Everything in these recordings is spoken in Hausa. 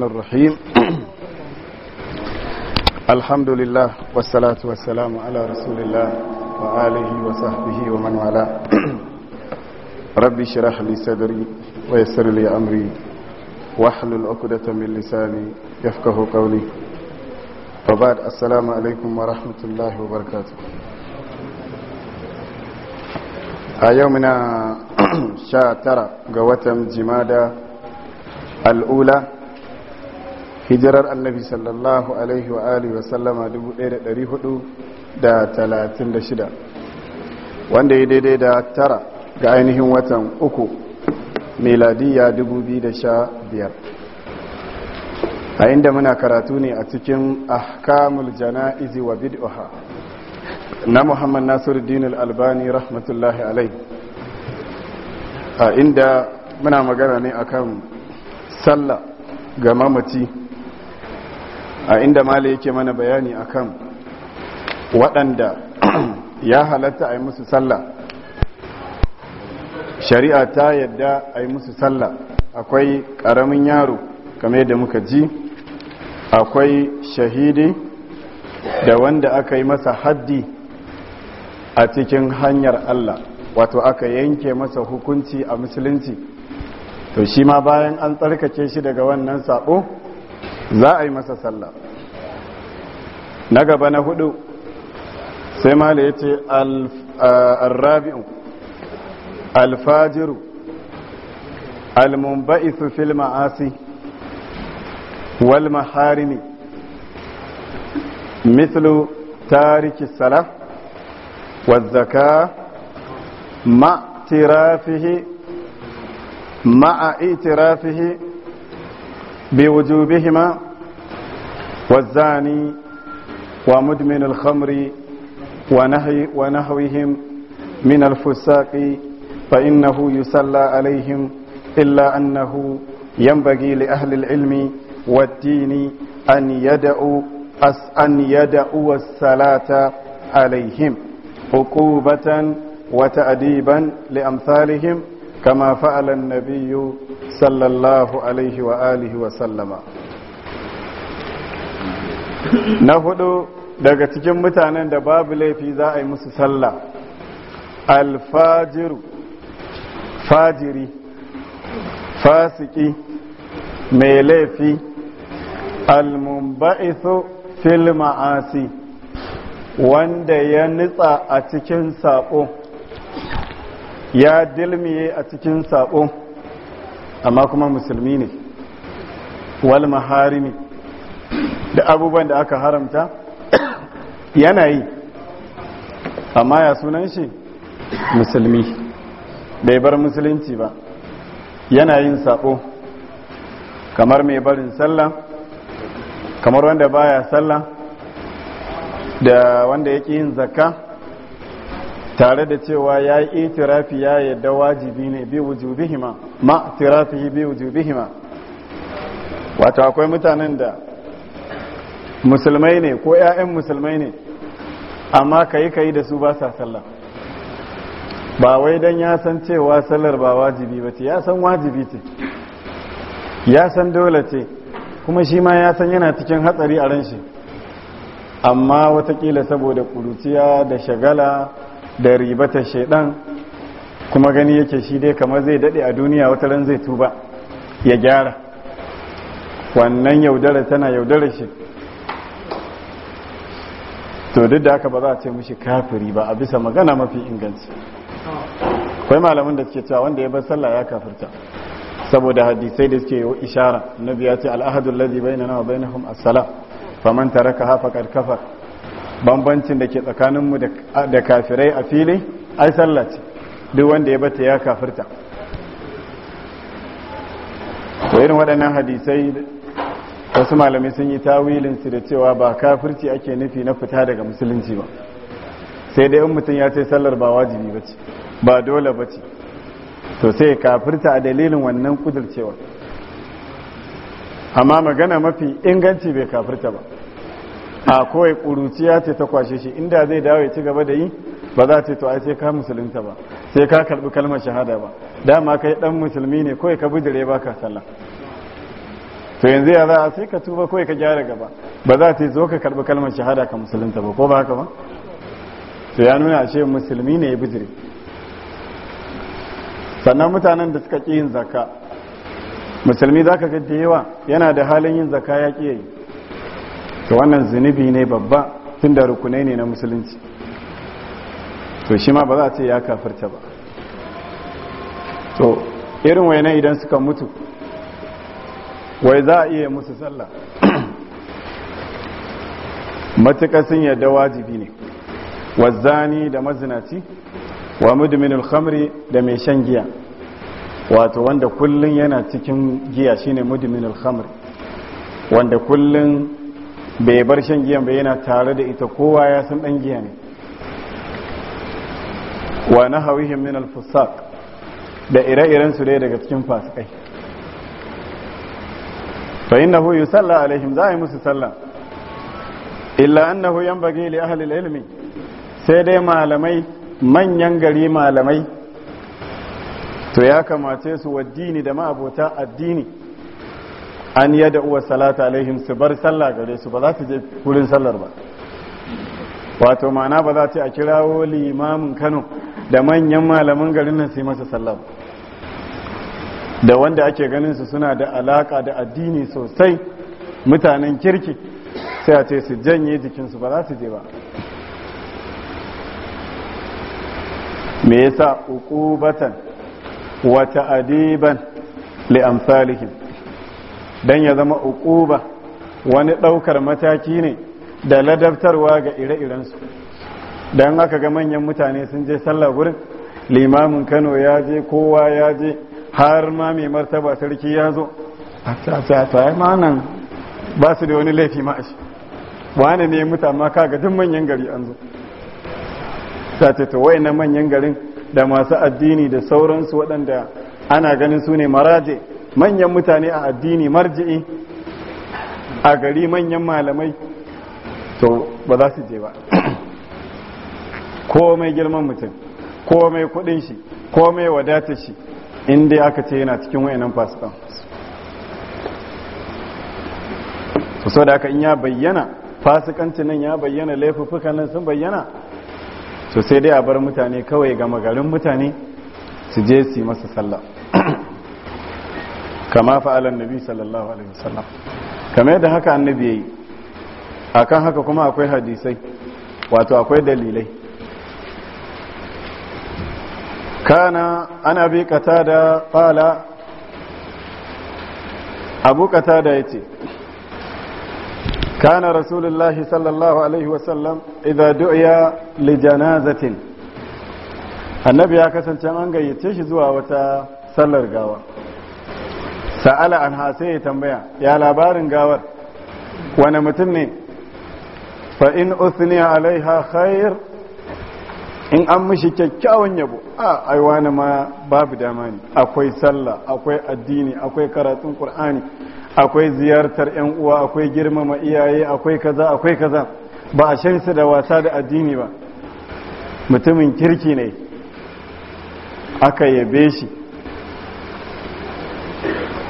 الرحمن الرحيم الحمد لله والصلاة والسلام على رسول الله وآله وصحبه ومن والاه ربي شرح لي صدري ويسر لي أمري واحلل عقدة من لساني يفقه قولي وبعد السلام عليكم ورحمة الله وبركاته a شاترة muna جمادة الأولى hijirar annabi sallallahu alaihi wa alihi wa sallama 1436 wanda ya daidai da tara ga ainihin watan uku meladiya 2015 a inda muna karatu ne a cikin ahkamul jana'izi wa ha. na muhammad nasiruddin al-albani rahmatullahi alai a inda muna magana ne akan sallah ga mamaci a inda mala yake mana bayani akan waɗanda ya halatta a yi musu sallah shari'a ta yadda a yi musu sallah akwai ƙaramin yaro game da muka ji akwai shahidi da wanda aka yi masa haddi a cikin hanyar Allah wato aka yanke masa hukunci a musulunci to shi ma bayan an tsarkake shi daga wannan sabo za a yi masa sallah na gaba na hudu sai mala ya ce alrabi'un alfajiru almumba'isu fil ma'asi wal maharimi mislu tariki salaf wazzaka مع اعترافه بوجوبهما والزاني ومدمن الخمر ونهي ونهوهم من الفساق فإنه يسلى عليهم إلا أنه ينبغي لأهل العلم والدين أن يدعوا أن يدعوا الصلاة عليهم عقوبة وتأديبا لأمثالهم كما فعل النبي sallallahu alaihi wa alihi wa sallama na hudu daga cikin mutanen da babu laifi za a yi musu sallah alfajiru fajiri fasiki mai laifi almumba'ithu fil ma'asi wanda ya nitsa a cikin sabo ya dilmiye a cikin sabo amma kuma musulmi ne wal maharimi da abubuwan da aka haramta yana yi amma ya sunan shi musulmi bai bar musulunci ba yana yin sabo kamar mai barin sallah kamar wanda baya sallah da wanda yake yin zakka tare da cewa ya yi itirafi ya yadda wajibi ne bi wujubihima ma itirafihi bi wujubihima wato akwai mutanen da musulmai ne ko 'ya'yan musulmai ne amma kayi yi da su ba sa sallah ba wai don ya san cewa sallar ba wajibi ba ce ya san wajibi ce ya san dole ce kuma shi ma ya san yana cikin hatsari a ran shi amma watakila saboda kuruciya da shagala da ribata shaidan kuma gani yake shi dai kamar zai dade a duniya wata ran zai tuba ya gyara wannan yaudara tana yaudara shi to duk da haka ba za a ce mushi kafiri ba a bisa magana mafi inganci Akwai malamin da suke cewa wanda ya bar sallah ya kafirta saboda hadisai da suke yi ishara na biya ce al'ahadun lazi bai na nawa bai na assala faman taraka hafa karkafar bambancin da ke tsakaninmu da kafirai a fili ai sallah duk wanda ya bata ya kafirta to irin waɗannan hadisai wasu malamai sun yi tawilinsu da cewa ba kafirci ake nufi na fita daga musulunci ba sai dai in mutum ya ce sallar ba wajibi ba ce ba dole ba ce to sai kafirta a dalilin wannan kudurcewa amma magana mafi inganci bai kafirta ba a kawai ƙuruciya ce ta kwashe shi inda zai dawo ya ci gaba da yi ba za ce to a ce ka musulunta ba sai ka karbi kalmar shahada ba dama kai dan musulmi ne kawai ka bujire ba ka sallah to yanzu ya za a sai ka tuba kawai ka gyara gaba ba za ta zo ka karbi kalmar shahada ka musulunta ba ko ba haka ba to ya nuna ce musulmi ne ya bujire sannan mutanen da suka ƙi yin zakka musulmi za ka ga da yawa yana da halin yin zakka ya ƙi yi to wannan zunubi ne babba tun da rukunai ne na musulunci to shi ma ba za a ce ya kafarta ba to irin wainan idan suka mutu wai za a iya musu sallah matuƙa sun yadda wajibi ne wazzani da mazinaci wa mudumin alhamri da mai shan giya wato wanda kullum yana cikin giya shine mudumin alhamri wanda kullum. bai bar shan giyan bai yana tare da ita kowa ya san dan giya ne wa nahawihim min al-fusaq da ire-iren su dai daga cikin fasikai fa innahu yusalla alaihim za'i musu salla illa annahu yanbaghi li ahli al-ilmi sai dai malamai manyan gari malamai to ya kamace su waddini da abota addini an yi da uwar salata alaihim su bar sallah gare su ba za su je wurin sallar ba wato ma'ana ba za ta a kirawo limamin kano da manyan malaman garin nan sai masa sallah da wanda ake ganin su suna da alaka da addini sosai mutanen kirki sai a ce su janye jikinsu ba za su je ba me yasa batan wa adiban li amsalihim don ya zama uquba wani ɗaukar mataki ne da ladabtarwa ga ire-irensu don aka ga manyan mutane sun je sallah gurin limamin kano ya je kowa ya je har ma mai martaba sarki ya zo a tsaye ma nan ba su da wani laifi ma shi ne muta ma ga duk manyan gari an zo ta wai na manyan garin da masu addini da sauransu waɗanda ana ganin su ne maraje manyan mutane a addini marji'i a gari manyan malamai to ba za su je ba ko mai girman mutum ko mai kudin shi ko mai wadatar shi inda aka ce yana cikin wayanan fasikan so da aka in ya bayyana fasikancin nan ya bayyana laifuffukan nan sun bayyana sosai sai dai a bar mutane kawai ga magarin mutane su je su yi masa sallah kama fa'alan nabi sallallahu alaihi wasallam kamar yadda haka annabi a kan haka kuma akwai hadisai wato akwai dalilai kana ana bi da qala abu qatada yace كان رسول الله sallallahu alaihi wasallam وسلم إذا lijana zatin annabi ya kasance an gayyace shi zuwa wata sallar gawa sa'ala an sai ya tambaya ya labarin gawar wani mutum ne fa in uthniya alaiha khair in an mishi kyakkyawan yabo a aiwana ma babu dama ne akwai sallah akwai addini akwai karatun qur'ani akwai ziyartar yan uwa akwai girmama iyaye akwai kaza akwai kaza ba a shansa da wasa da addini ba mutumin kirki ne aka yabe shi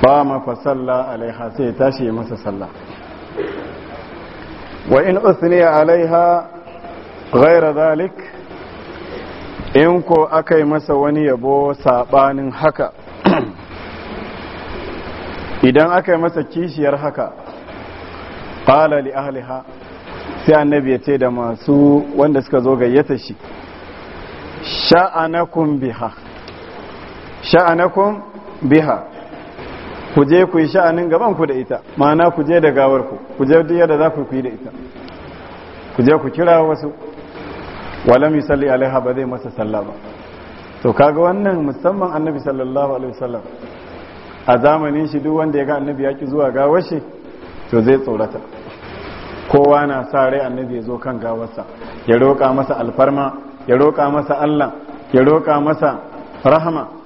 qama fa salla alaiha sai ya tashi ya masa salla wa in uthniya alaiha ghayra zalik in ko akai masa wani yabo sabanin haka idan aka yi masa kishiyar haka qala li ahliha sai annabi ya ce da masu wanda suka zo gayyata shi sha'anakum biha sha'anakum biha ku je ku yi sha'anin gaban ku da ita ma'ana ku je da gawar ku ku je duk yadda za ku yi da ita ku je ku kira wasu walam yusalli alaiha ba zai masa sallah ba to kaga wannan musamman annabi sallallahu alaihi wasallam a zamanin shi duk wanda ya ga annabi ya ki zuwa gawar shi to zai tsorata kowa na sa rai annabi ya zo kan gawarsa ya roƙa masa alfarma ya roƙa masa Allah ya roƙa masa rahama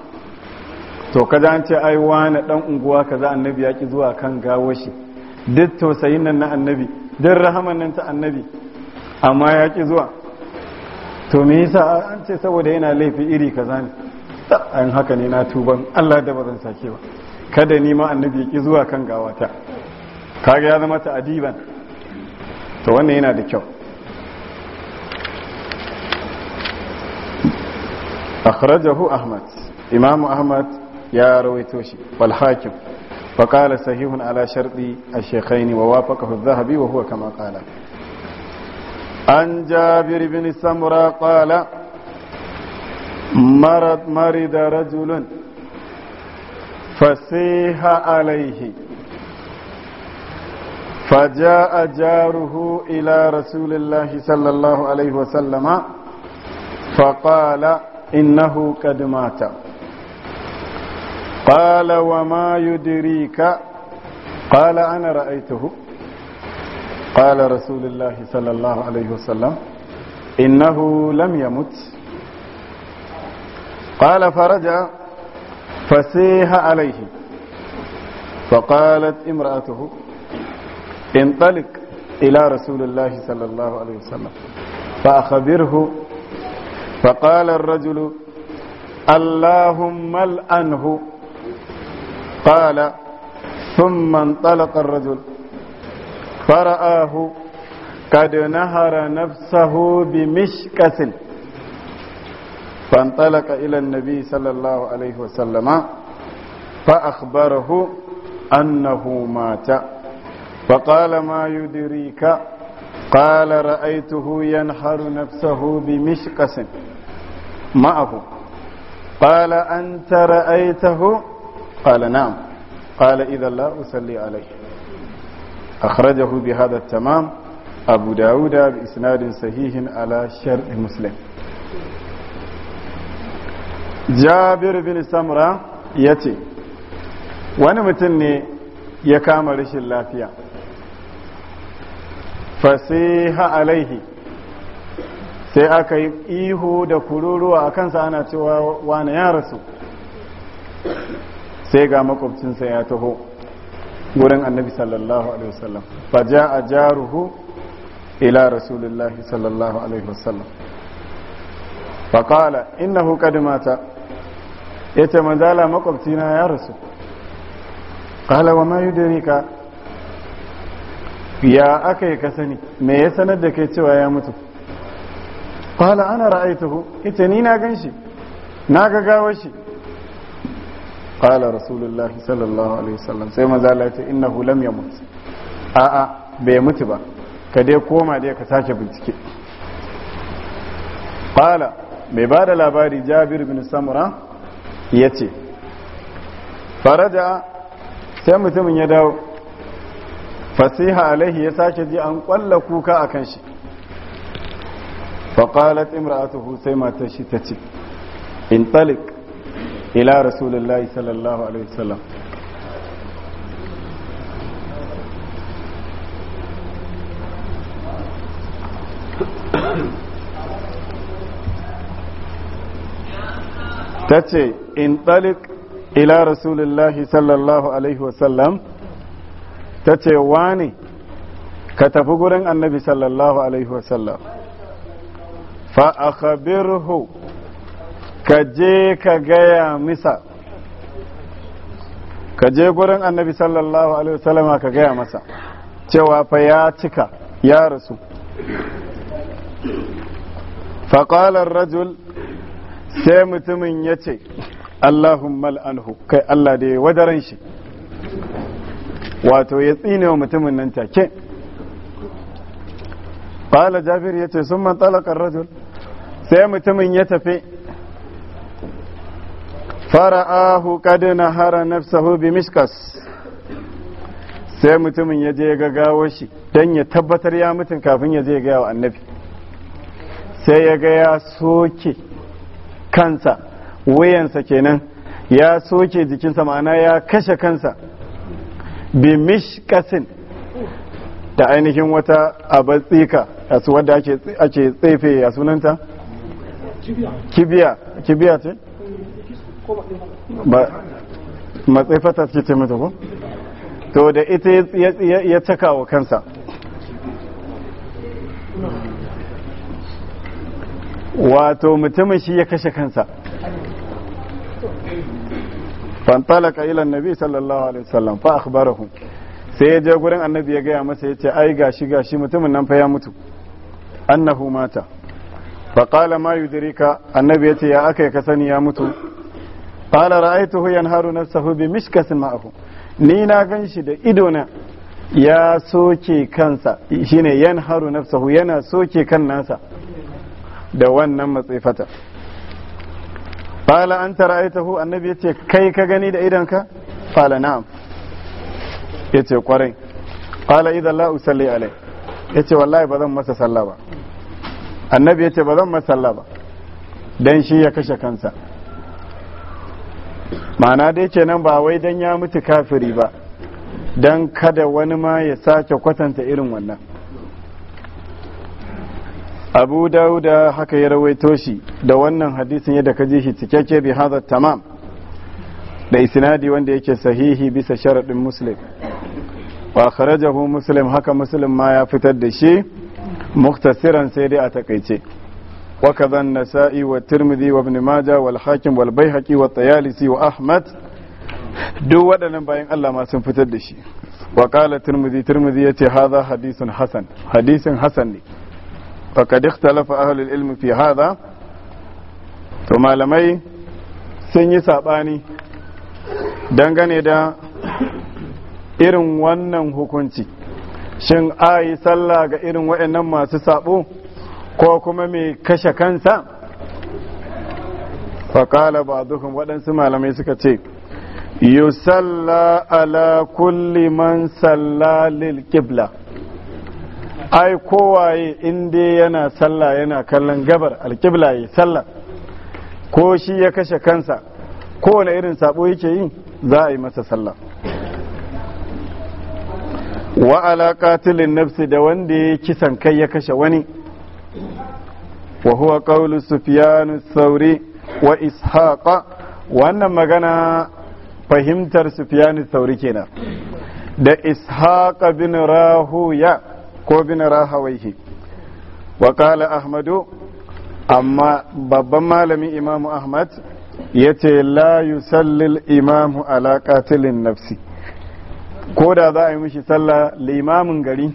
to kaza an ce ai wani dan unguwa kaza annabi ya ki zuwa kan gawo shi duk tausayin nan na annabi duk rahaman nan ta annabi amma ya ki zuwa to me yasa an ce saboda yana laifi iri kaza ne an haka ne na tuban Allah da bazan sake ba kada ni ma annabi ya ki zuwa kan gawata kaga ya zama adiban to wannan yana da kyau akhrajahu ahmad imam ahmad ya rawaito shi wal hakim fa qala sahihun ala sharti ash-shaykhayn wa wafaqahu adh-dhahabi wa huwa kama qala an jabir ibn samura qala marad marida rajulun fasiha alayhi فجاء جاره إلى رسول الله صلى الله عليه وسلم فقال إنه قد مات قال وما يدريك قال أنا رأيته قال رسول الله صلى الله عليه وسلم إنه لم يمت قال فرجع فسيح عليه فقالت امرأته انطلق إلى رسول الله صلى الله عليه وسلم فأخبره فقال الرجل اللهم الأنه قال ثم انطلق الرجل فرآه قد نهر نفسه بمشكس فانطلق إلى النبي صلى الله عليه وسلم فأخبره أنه مات فقال ما يدريك قال رأيته ينحر نفسه بمشقس معه قال أنت رأيته قال نعم قال إذا لا أصلي عليه أخرجه بهذا التمام أبو داود بإسناد صحيح على شرع مسلم jabir bin samra ya ce wani mutum ne ya kama rashin lafiya fasiha alaihi sai aka yi ihu da kururuwa a kansa ana cewa wane ya rasu sai ga makwabcinsa ya taho wurin annabi sallallahu alaihi wasallam fa ja'a jaruhu ila rasulillahi sallallahu alaihi wasallam fa qala innahu qad mata yace manzala makwabcina ya rasu qala wa ma yudrika ya aka yi kasani me ya sanar da kai cewa ya mutu qala ana ra'aytuhu ita ni na ganshi na ga gawar shi qala rasulullahi sallallahu alaihi wasallam sai maza Allah ya ce innahu lam yamut a'a bai mutu ba ka dai koma dai ka sake bincike qala mai ba da labari jabir bin samura ya ce faraja sai mutumin ya dawo fasiha alaihi ya sake ji an kwalla kuka a kan shi faƙalat imra'atuhu sai matashi ta ce in talik ila rasulullahi sallallahu alaihi wasallam ta ce in ɗalik ila rasulullahi sallallahu alaihi wasallam ta ce wani ka tafi gurin annabi sallallahu alaihi wasallam fa ka je ka gaya misa ka je gurin annabi sallallahu alaihi wasallama ka gaya masa cewa fa ya cika ya rasu faƙalar rajul sai mutumin ya ce allahumma anhu kai allah da ya wadaran shi wato ya tsine wa mutumin nan take ƙala jabir ya ce sun man talakar rajul sai mutumin ya tafi fara'ahu kadina hara nafsahu bi miskas sai mutumin ya je ga gawo shi don ya tabbatar ya mutum kafin ya je gaya wa annabi sai ya ga ya soke kansa wuyansa kenan ya soke jikinsa ma'ana ya kashe kansa bi mishkasin da ainihin wata abatsika a su wadda ake tsefe a sunanta kibiya kibiya ce ba ce ce mata ko to da ita ya caka wa kansa wato mutumin shi ya kashe kansa fantalaka ilan nabi sallallahu alaihi wasallam fa akhbarahu sai ya je gurin annabi ya gaya masa ya ce ai gashi gashi mutumin nan fa ya mutu annahu mata fa qala ma yudrika annabi ya ce ya aka ka sani ya mutu qala ra'aytuhu yanharu nafsahu bi mishkasin ma'ahu ni na ganshi da idona ya soke kansa shine yanharu nafsahu yana soke kan nasa da wannan matsifata qala anta ra'aytuhu annabi yace kai ka gani da ka qala na'am yace kwarai qala idan la usalli alai yace wallahi ba zan masa sallah ba annabi yace ba zan masa sallah ba dan shi ya kashe kansa ma'ana dai kenan ba wai dan ya mutu kafiri ba dan kada wani ma ya sake kwatanta irin wannan abu dauda haka ya rawaito shi da wannan hadisin yadda ka ji shi cikakke bi haza tamam da isnadi wanda yake sahihi bisa sharaɗin muslim wa kharajahu muslim haka muslim ma ya fitar da shi muktasiran sai dai a takaice wa النسائي والترمذي وابن ماجه والحاكم والبيهقي wa Ahmad. duk waɗannan bayan Allah ma sun fitar da shi wa ƙala turmuzi ya ce haza hadisun hasan hadisin hasan ne fa kad ikhtalafa ahlul ilmi fi haza to malamai sun yi saɓani dangane da irin wannan hukunci shin a yi sallah ga irin waɗannan masu saɓo ko kuma mai kashe kansa faƙala ba dukkan waɗansu malamai suka ce yusalla ala kulli man salla lil qibla ai kowaye inda yana salla yana kallon gabar alkibla ya salla. ko shi ya kashe kansa kowane irin sabo yake yi za a yi masa salla wa alaƙatilin nafsi da wanda ya kisan kai ya kashe wani وهو قول سفيان الثوري وإسحاق wannan magana fahimtar سفيان Sauri كنا da ishaq bin rahuya ko bin rahawaihi wa qala ahmadu amma babban malamin imamu ahmad ya ce la yusallil imamu ala qatilin nafsi ko da za a yi mishi sallah limamin gari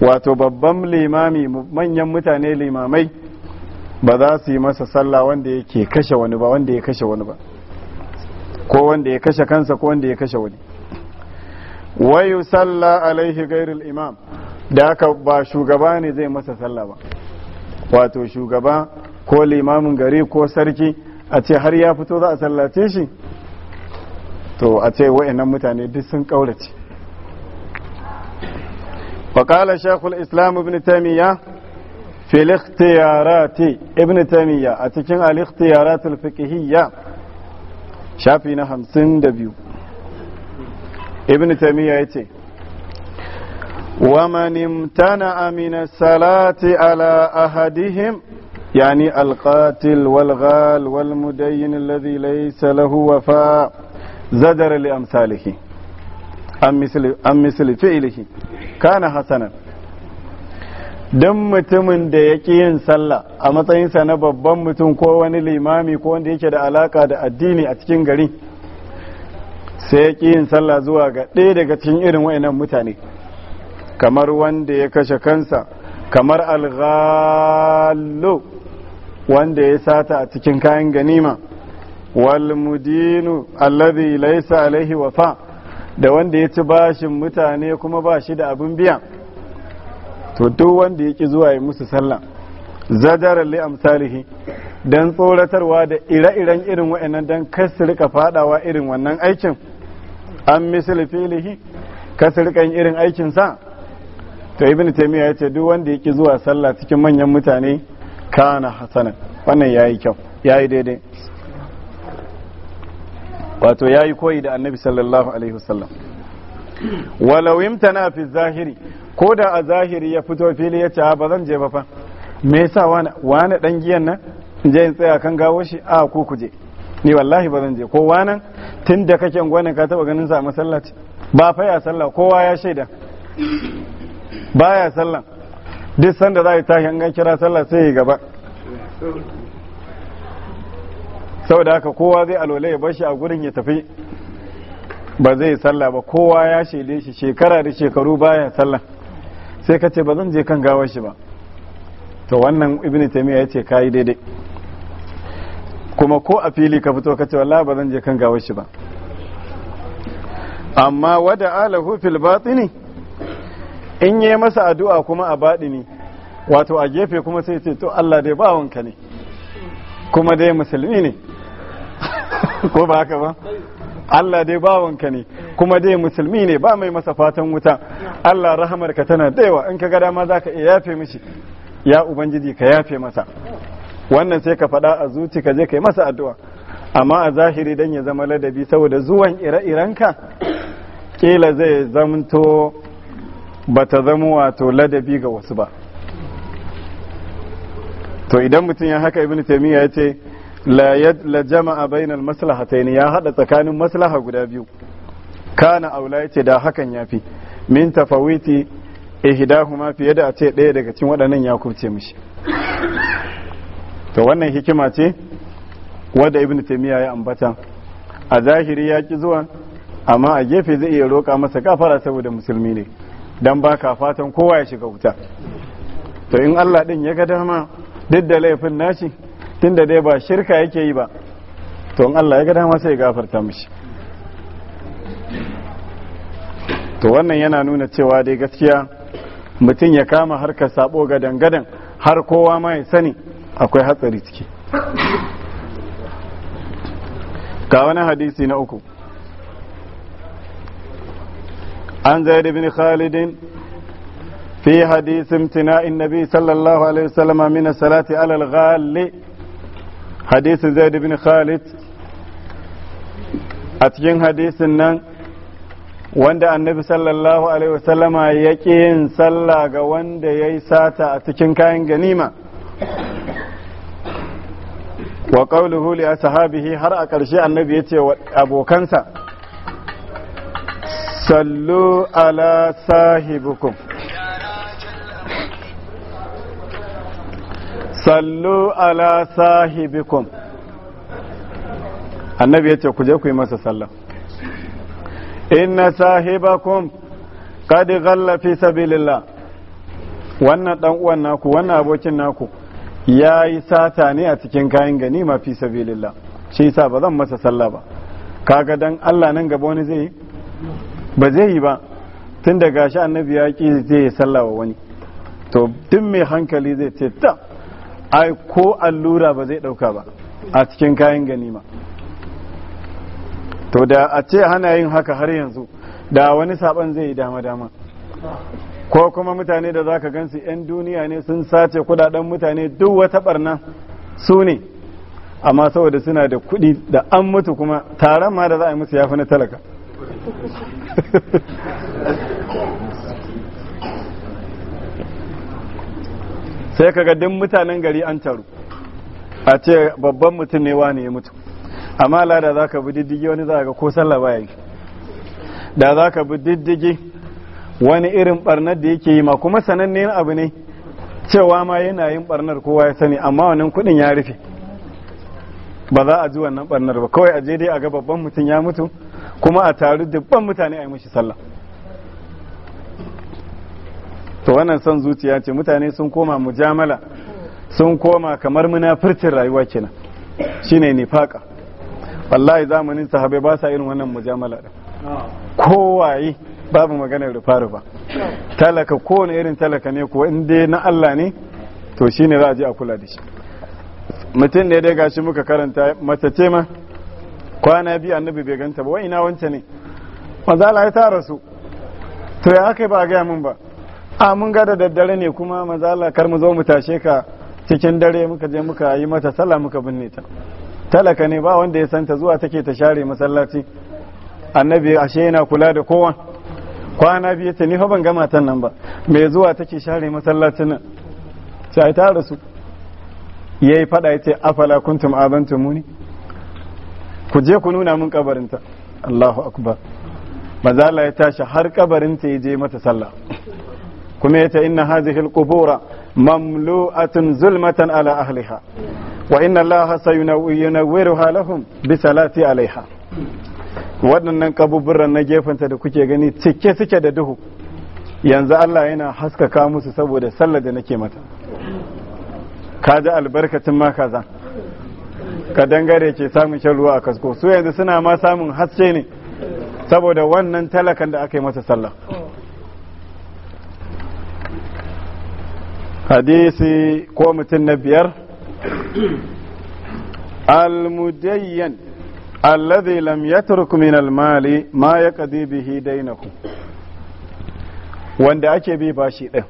wato babban limami manyan mutane limamai ba za su yi masa sallah wanda yake kashe wani ba wanda ya kashe wani ba ko wanda ya kashe kansa ko wanda ya kashe wani wayu sallah alaihi gairul imam da aka ba shugaba ne zai masa sallah ba wato shugaba ko limamin gari ko sarki a ce har ya fito za a sallace shi to a ce wa'annan mutane duk sun ƙaurace. فقال شيخ الإسلام ابن تيمية في الاختيارات ابن تيمية أتكين الاختيارات الفقهية شافينا همسين دبيو ابن تيمية يتي ومن امتنع من الصلاة على أحدهم يعني القاتل والغال والمدين الذي ليس له وفاء زدر لأمثاله أم مثل, أم مثل فعله kana hasanan don mutumin da ya ƙi yin sallah a matsayinsa na babban mutum ko wani limami ko wanda yake da alaka da addini a cikin gari sai ya yin sallah zuwa ga ɗaya daga cikin irin wa'inan mutane kamar wanda ya kashe kansa kamar alghallo wanda ya sata a cikin kayan ganima wal mudinu alladhi laysa alaihi wafa' da wanda ya ci bashin mutane kuma ba shi da abin biya, to duk wanda ya ki zuwa ya musu sallah zajarar li amsalihi don tsoratarwa da ire-iren irin wa'annan don kasu rika fadawa irin wannan aikin an misali filihi kasu rika yin irin aikinsa to ibn taimiyya ya ce duk wanda ya ki zuwa sallah cikin manyan mutane kana hasanan wannan ya yi kyau ya yi daidai wato ya yi koyi da annabi sallallahu alaihi wasallam walau imtana fi zahiri ko da a zahiri ya fito fili ya ce ba zan je ba fa me yasa wani dan giyan nan je in tsaya kan gawo shi a ku kuje ni wallahi ba zan je ko wani tun da kake gwanin ka taba ganin sa a masallaci ba fa ya sallah kowa ya shaida baya sallah duk sanda za a yi tashi an kira sallah sai ya gaba saboda haka kowa zai alwala ya bashi a gurin ya tafi ba zai salla ba kowa ya shaide shi shekara da shekaru baya salla sai ka ce ba zan je kan gawar shi ba to wannan ibnu taymiya ya ce kayi daidai kuma ko a fili ka fito ka ce wallahi ba zan je kan gawar shi ba amma wada alahu fil batini in yi masa addu'a kuma a baɗini wato a gefe kuma sai ce to Allah dai wanka ne kuma dai musulmi ne ko ba haka ba Allah dai bawanka ne kuma dai musulmi ne ba mai masa fatan wuta Allah ka tana daiwa in ka ga dama za ka iya yafe mishi ya ubangiji ka yafe masa wannan sai ka faɗa a zuci ka je ka yi masa addu'a amma a zahiri dan ya zama ladabi saboda zuwan ire-irenka kila zai zamto ba ta zama wato ladabi ga wasu ba to idan mutum ya haka ibnu taimiyya ya ce la jama'a maslahatai maslahatayn ya haɗa tsakanin maslaha guda biyu kana aula ce da hakan yafi min tafawiti ihdahuma fiye da a ce ɗaya daga cikin waɗannan ya kubce mishi to wannan hikima ce wadda ibn taymiya ya ambata a zahiri ya ki zuwa amma a gefe zai iya roƙa masa kafara saboda musulmi ne dan ba ka fatan kowa ya shiga wuta to in Allah din ya ga dama duk da laifin nashi tunda dai ba shirka yake yi ba to in Allah ya ga dama sai ya gafarta mishi to wannan yana nuna cewa dai gaskiya mutum ya kama harkar sabo gadan gadan har kowa ma ya sani akwai hatsari ciki ga wani hadisi na uku an da bin khalidin fi hadisi imtina annabi sallallahu alaihi wasallama min salati alal ghalli hadisin zaid bin khalid a cikin hadisin nan wanda annabi sallallahu alaihi wasallama ya ƙi yin sallah ga wanda ya yi sata a cikin kayan ganima wa qawluhu li ashabihi har a ƙarshe annabi ya ce wa abokansa sallu ala sahibukum sallu ala sahibikum annabi ya ce ku je ku yi masa sallah inna sahibakum qad ghalla fi sabilillah wannan dan uwan naku wannan abokin naku yayi sata ne a cikin kayan ganima fi sabilillah shi yasa ba zan masa sallah ba kaga dan Allah nan gaba wani zai ba zai yi ba tun da gashi annabi ya ki zai sallah wa wani to duk mai hankali zai ce ta ai ko allura ba zai ɗauka ba a cikin kayan ganima to da a ce hana yin haka har yanzu da wani saban zai yi dama-dama ko kuma mutane da za ka gansu 'yan duniya ne sun sace kudaden mutane duk wata barna su ne amma saboda suna da kudi da an mutu kuma taron ma da za a yi musu ya fi na talaka sai kaga duk mutanen gari an taru a ce babban mutum ne wani ya mutu amma la da za ka bi diddigi wani za ga ko sallah baya da za ka bi diddigi wani irin barnar da yake yi ma kuma sananne abu ne cewa ma yana yin barnar kowa ya sani amma wannan kudin ya rufe ba za a ji wannan barnar ba kawai a je dai a ga babban mutum ya mutu kuma a taru dubban mutane a yi mishi sallah to wannan son zuciya ce mutane sun koma mujamala sun koma kamar munafircin rayuwa kenan shine nifaka wallahi zamanin sahabai ba sa irin wannan mujamala kowaye babu maganar rufa rufa talaka kowane irin talaka ne in inda na Allah ne to shine za a je a kula da shi mutum ne dai gashi muka karanta mace ce ma kwana biyu annabi bai ganta ba wai ina wance ne manzo Allah ya tara su to ya haka ba ga mun ba a mun ga da daddare ne kuma mazala kar mu zo mu tashe ka cikin dare muka je muka yi mata sallah muka binne ta talaka ne ba wanda ya san ta zuwa take ta share masallaci annabi ashe yana kula da kowa kwana biyu ta ni fa ban gama tan nan ba Me zuwa take share masallacin nan sai ta rasu yayi fada yace afala kuntum abantumuni ku je ku nuna mun kabarinta Allahu akbar mazala ya tashi har kabarinta ya je mata sallah kuma yace inna hazihil kubura mamlu'atun zulmatan ala ahliha wa inna allaha sayunawwiruha lahum bi salati alaiha waɗannan kaburburan na ta da kuke gani cike suke da duhu yanzu Allah yana haskaka musu saboda sallar da nake mata ka ji albarkacin ma kaza ka dangare ke samun shan ruwa a kasko su yanzu suna ma samun haske ne saboda wannan talakan da aka yi masa sallar. hadisi ko mutum na biyar almudayyan alladhi lam yatruk min almali ma yaqdi bihi dainahu wanda ake bi bashi din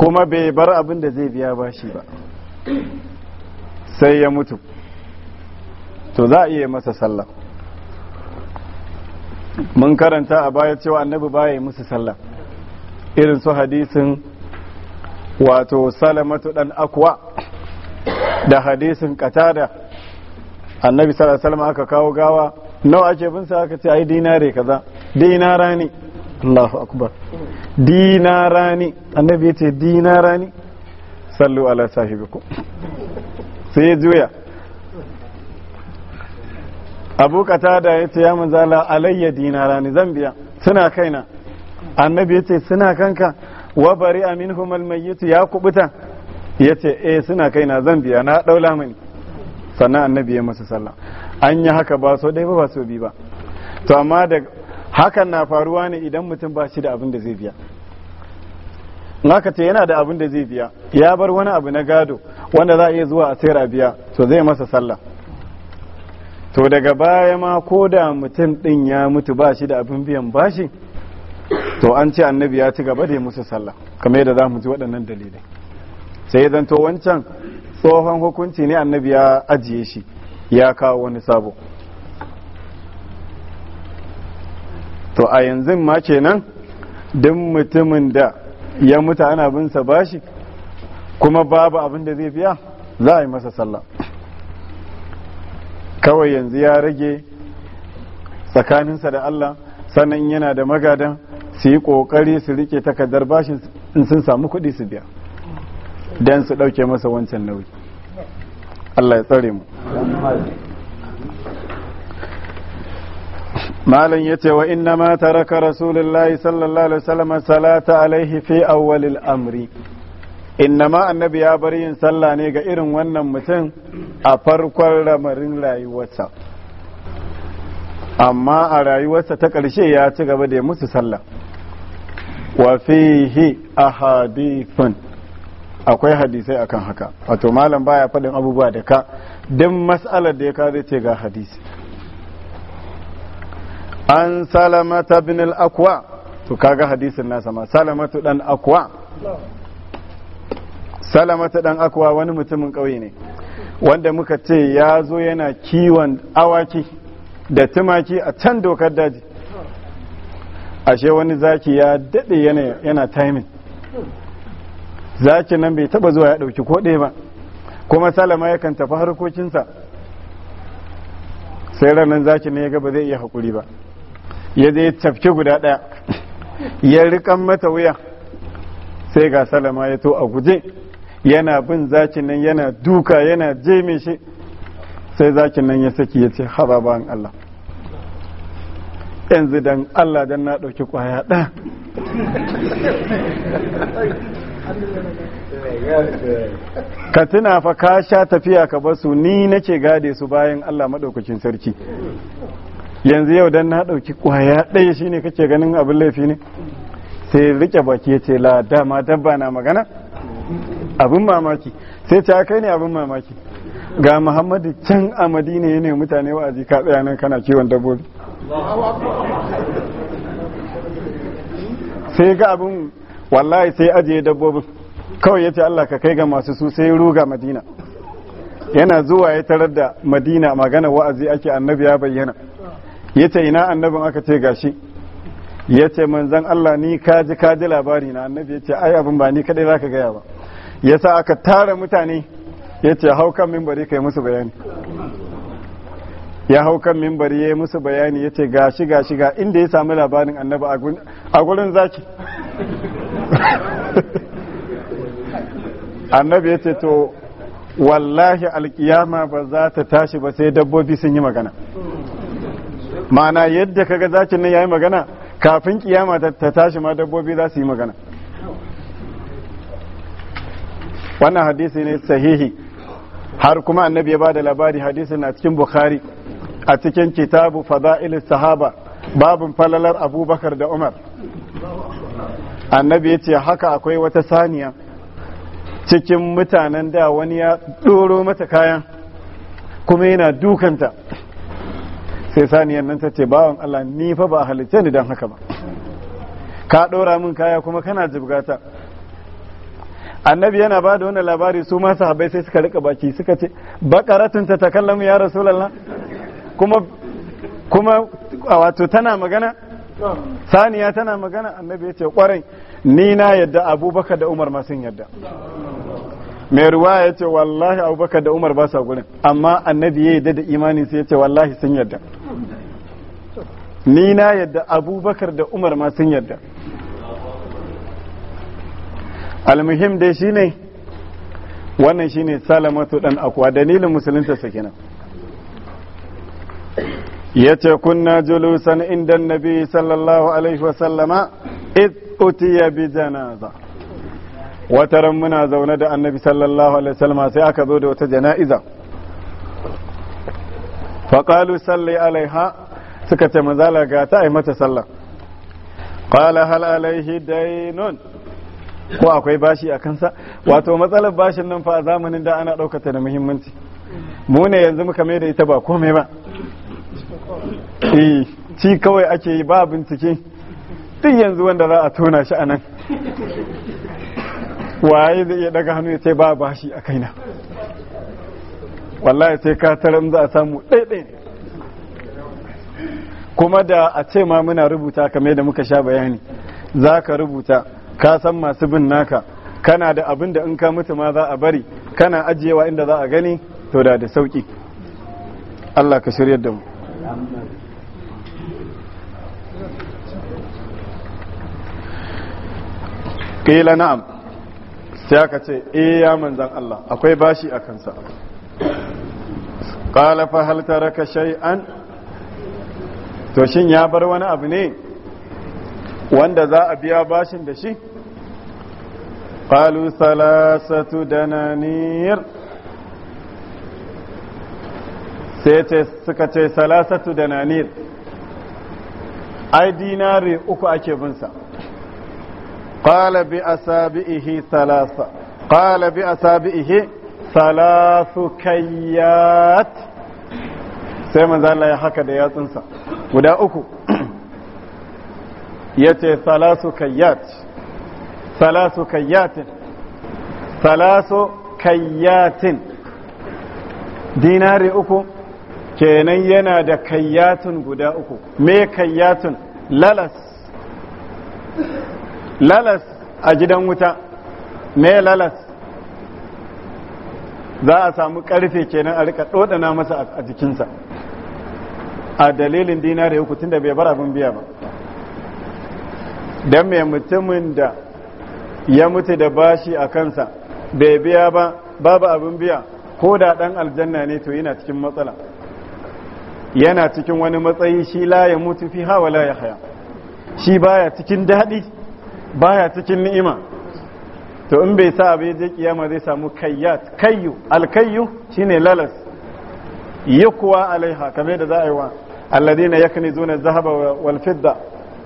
kuma bai bar abin da zai biya bashi ba sai ya mutu to za a iya masa sallah mun karanta a baya cewa annabi baya musu sallah irin su hadisin wato salamatu dan akwa da hadisin katada annabi sallallahu alaihi aka kawo gawa nawa ake bin sa aka ce ai dinare kaza dinara ne Allahu akbar dinara ne annabi ya ce dinara ne sallu ala sahibiku sai ya juya abu katada ya ce ya manzala alayya dinara ne zan biya suna kaina annabi yace suna kanka wa bari aminhum almayyit ya kubuta yace eh suna kaina zan biya na daula mani sannan annabi ya masa sallah an yi haka ba so dai ba ba so bi ba to amma da hakan na faruwa ne idan mutum ba shi da abin da zai biya naka ce yana da abin da zai biya ya bar wani abu na gado wanda za a iya zuwa a sayar a biya to zai masa sallah to daga baya ma ko da mutum din ya mutu ba shi da abin biyan bashi to an ce annabi ya ci gaba da musu sallah kamar yadda za mu ji waɗannan dalilai sai zan to wancan tsohon hukunci ne annabi ya ajiye shi ya kawo wani sabo to a yanzu ma kenan duk mutumin da ya mutu ana bin sa bashi kuma babu abin da zai biya za a yi masa sallah kawai yanzu ya rage tsakaninsa da Allah sannan yana da magadan su yi kokari su rike takardar bashi in sun samu kuɗi su biya don su ɗauke masa wancan nauyi Allah ya tsare mu malam yace wa inna ma taraka rasulullahi sallallahu alaihi wasallam salata alaihi fi awwalil amri inna ma annabi ya bar yin sallah ne ga irin wannan mutum a farkon ramarin rayuwarsa amma a rayuwarsa ta karshe ya ci gaba da musu sallah wa fihi ahadithun akwai hadisai akan haka wato malam baya faɗin abubuwa da ka don mas'alar da ya ka ce ga hadisi an salamata bin al to kaga hadisin nasa ma salamatu dan akwa salamata dan akwa wani mutumin ƙauye ne wanda muka ce ya zo yana kiwon awaki da tumaki a can dokar daji ashe wani zaki ya daɗe yana timing zaki nan bai taba zuwa ya ɗauki ko ɗaya ba kuma salama kan tafi harkokinsa sai ranar zaki ne ya ga ba zai iya hakuri ba ya zai tafki guda ɗaya ya rikan mata wuya sai ga salama ya to a guje yana bin zaki nan yana duka yana jemi shi sai zaki nan ya saki ya ce haba Allah yanzu dan Allah dan na ɗauki kwaya ɗa ka tuna fa ka sha tafiya ka basu ni nace gade su bayan Allah maɗaukacin sarki yanzu yau dan na ɗauki kwaya ɗaya shine kake ganin abin laifi ne sai rike baki ya ce la dama dabba na magana abin mamaki sai ta kai ne abin mamaki ga muhammadu can a madina ya ne mutane wa'azi ka tsaya nan kana kiwon dabbobi sai ga abin wallahi sai ajiye dabbobin kawai ya ce Allah ka kai ga masu su sai ruga madina yana zuwa ya tarar da madina magana wa'azi ake annabi ya bayyana ya ce ina annabin aka ce gashi ya ce manzan Allah ni kaji kaji labari na annabi ya ce ai abin ba ni kadai za ka gaya ba ya sa aka tara mutane ya ce hau kan mimbari yi musu bayani ya hau kan mimbari ya yi musu bayani ya ce gashi gashi ga inda ya sami labarin annaba a gurin zaki annabi ya ce to wallahi alkiyama ba za ta tashi ba sai dabbobi sun yi magana mana yadda kaga zakin nan yi magana kafin kiyama ta tashi ma dabbobi za su yi magana wannan hadisi ne sahihi har kuma annabi ya ba da labari hadisi na cikin bukhari a cikin kitabu fada'il sahaba babin falalar abubakar da umar annabi ya ce haka akwai wata saniya cikin mutanen da wani ya ɗoro mata kayan kuma yana dukanta sai saniyan nan ta ce bawan Allah ni fa ba halitta ni don haka ba ka ɗora min kaya kuma kana jibgata annabi yana ba da wani labari su masu habai sai suka rika baki suka ce bakaratun ta takallamu ya rasu rasulallah kuma kuma wato tana magana saniya tana magana annabi ya ce kwarai ni na yadda abubakar da umar ma sun yadda mai ruwa ya ce wallahi abubakar da umar ba sa gudun amma annabi ya yadda da imani sai ya ce wallahi sun yadda ni na yadda abubakar da umar ma sun yadda almuhim dai shine wannan shine salamatu dan akwa dalilin musulunta sakinan yace kunna julusan inda nabi sallallahu alaihi wasallama iz utiya bi janaza wata ran muna zaune da annabi sallallahu alaihi wasallama sai aka zo da wata jana'iza faqalu salli alaiha suka ce manzala ga ta ai mata sallah qala hal alaihi daynun ko akwai bashi a kansa wato matsalar bashin nan fa a zamanin da ana ɗaukata da muhimmanci mu ne yanzu muka mai da ita ba komai ba Eh, ci kawai ake yi ba bincike duk yanzu wanda za a tona shi a nan waye zai iya daga hannu ya ce ba bashi a kaina wallahi sai ka tarar za a samu ɗaiɗai kuma da a ce ma muna rubuta kamar da muka sha bayani za ka rubuta ka san masu bin naka kana da abin da in ka mutu ma za a bari kana ajiyewa inda za a gani to da da sauki Allah ka shirya da mu ƙila na'am sai aka ce e ya manzan Allah akwai bashi a kansa ƙala fa haltara ka shay'an to shin ya bar wani abu ne wanda za a biya bashin da shi ƙalu salasatu dananiyar sai ce suka ce salasatu da nanir ai dinari uku ake binsa qala bi asabihi salasa qala bi asabihi salasu kayyat sai manzo Allah ya haka da yatsunsa guda uku yace salasu kayyat salasu kayyatin salasu kayyatin dinari uku kenan yana da kayyatun guda uku me kayyatun lalas lalas a gidan wuta me lalas za a samu karfe kenan a rika dodana masa a jikinsa a dalilin dinari uku da bai bar abin biya ba don mai mutumin da ya mutu da bashi a kansa bai biya ba babu abin biya ko da dan aljanna ne to yana cikin matsala yana cikin wani matsayi shi la ya mutu fi hawa la ya haya shi baya cikin daɗi baya cikin ni'ima to in bai sa abin je kiyama zai samu kayyat kayyu alkayyu shine lalas yakuwa alaiha kamar da za a yi wa alladina yaknizuna zahaba wal fidda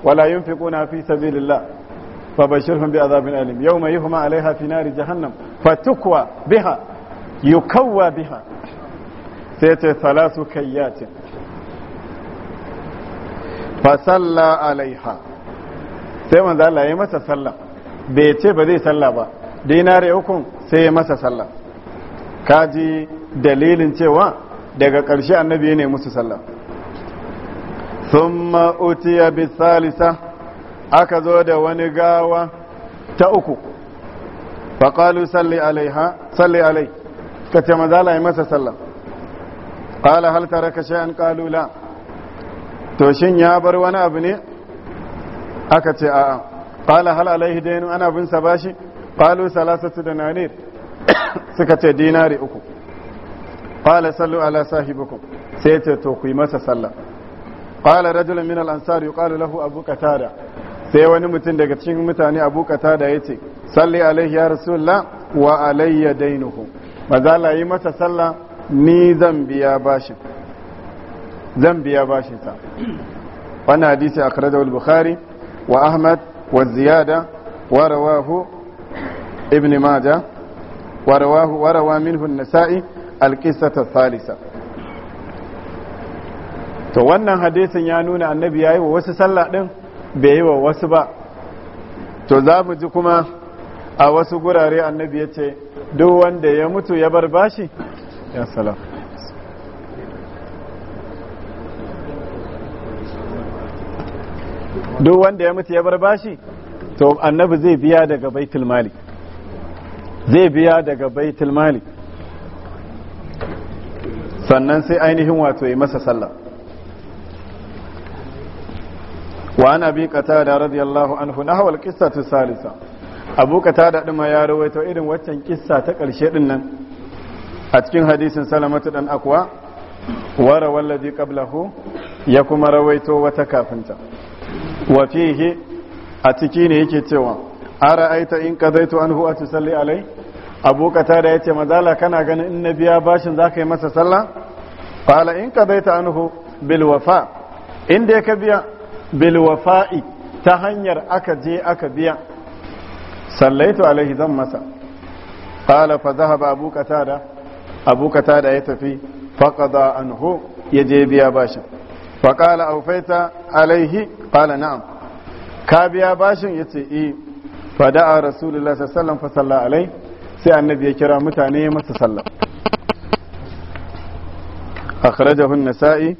wala yunfiquna fi sabilillah فبشرهم بعذاب أليم يوم يهما عليها في نار جهنم فتكوى بها يكوى sai سيت ثلاث كيات fasalla alaiha sai manzo Allah ya masa sallah bai ce ba zai sallah ba dinare hukun sai ya masa sallah kaji dalilin cewa daga ƙarshe annabi ne musu sallah thumma utiya bisalisa aka zo da wani gawa ta uku faqalu salli alaiha salli alai kace manzo Allah ya masa sallah qala hal taraka shay'an qalu la to shin ya bar wani abu ne aka ce a'a qala hal alaihi dainu ana bin sa bashi qalu salasatu dinanir suka ce dinari uku qala sallu ala sahibukum sai ce to ku yi masa sallah qala rajulun min al-ansar yuqalu lahu abu qatada sai wani mutum daga cikin mutane abu qatada yace salli alaihi ya rasulullah wa alayya dainuhu maza la yi masa sallah ni zan biya bashi zan biya bashinsa wannan hadisi a karada bukhari wa ahmad wa ziyada wa rawahu ibn maja wa rawahu wa rawa minhu nasa'i ta salisa to wannan hadisin ya nuna annabi ya yi wa wasu sallah ɗin bai yi wa wasu ba to za mu ji kuma a wasu gurare annabi ya ce duk wanda ya mutu ya bar bashi ya salam duk wanda ya mutu ya bar bashi to annabi zai biya daga baitul mali zai biya daga baitul mali sannan sai ainihin wato ya masa sallah wa bi abi qatada radiyallahu anhu na kisa qissatu salisa abu qatada din ma ya rawaito irin waccan kissa ta karshe din nan a cikin hadisin salamatu dan akwa wa rawalladhi qablahu ya kuma rawaito wata kafinta wa fihi a ciki ne yake cewa ara aita in ka zaitu an huwa tusalli alai abokata da ya ce mazala kana ganin in na biya bashin ka yi masa sallah fa'ala in ka qadaita an hu bilwafa in ya ka biya bil ta hanyar aka je aka biya sallaitu alaihi zan masa fa'ala fa ba abu qatada abu da ya tafi an hu ya je biya bashin فقال أوفيت عليه قال نعم كابيا باشن يتي إيه فدعا رسول الله صلى الله عليه وسلم فصلى عليه سي النبي كرا متاني مسا أخرجه النسائي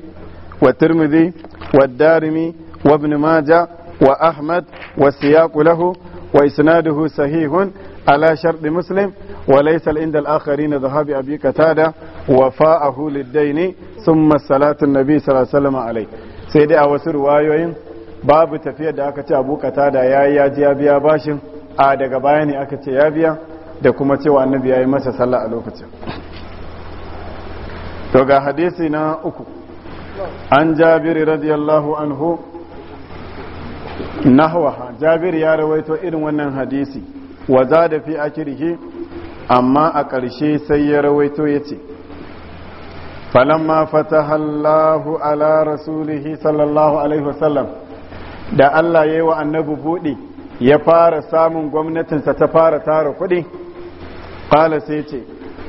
والترمذي والدارمي وابن ماجه وأحمد والسياق له وإسناده صحيح على شرط مسلم وليس عند الآخرين ذهاب أبي قتادة wafa'ahu liddaini summa salatun nabi sallallahu alaihi alai sai dai a wasu ruwayoyin babu tafiyar da aka ce abu da yayi ya ji ya biya bashin a daga baya ne aka ce ya biya da kuma cewa annabi yi masa sallah a lokacin to ga hadisi na uku an jabiri radiyallahu anhu nahwaha Jabiru ya rawaito irin wannan hadisi wa da fi akirhi amma a ƙarshe sai ya rawaito yace فلما فتح الله على رسوله صلى الله عليه وسلم da Allah ya yi wa annabi buɗe ya fara samun gwamnatinsa ta fara tara kuɗi ƙala sai ce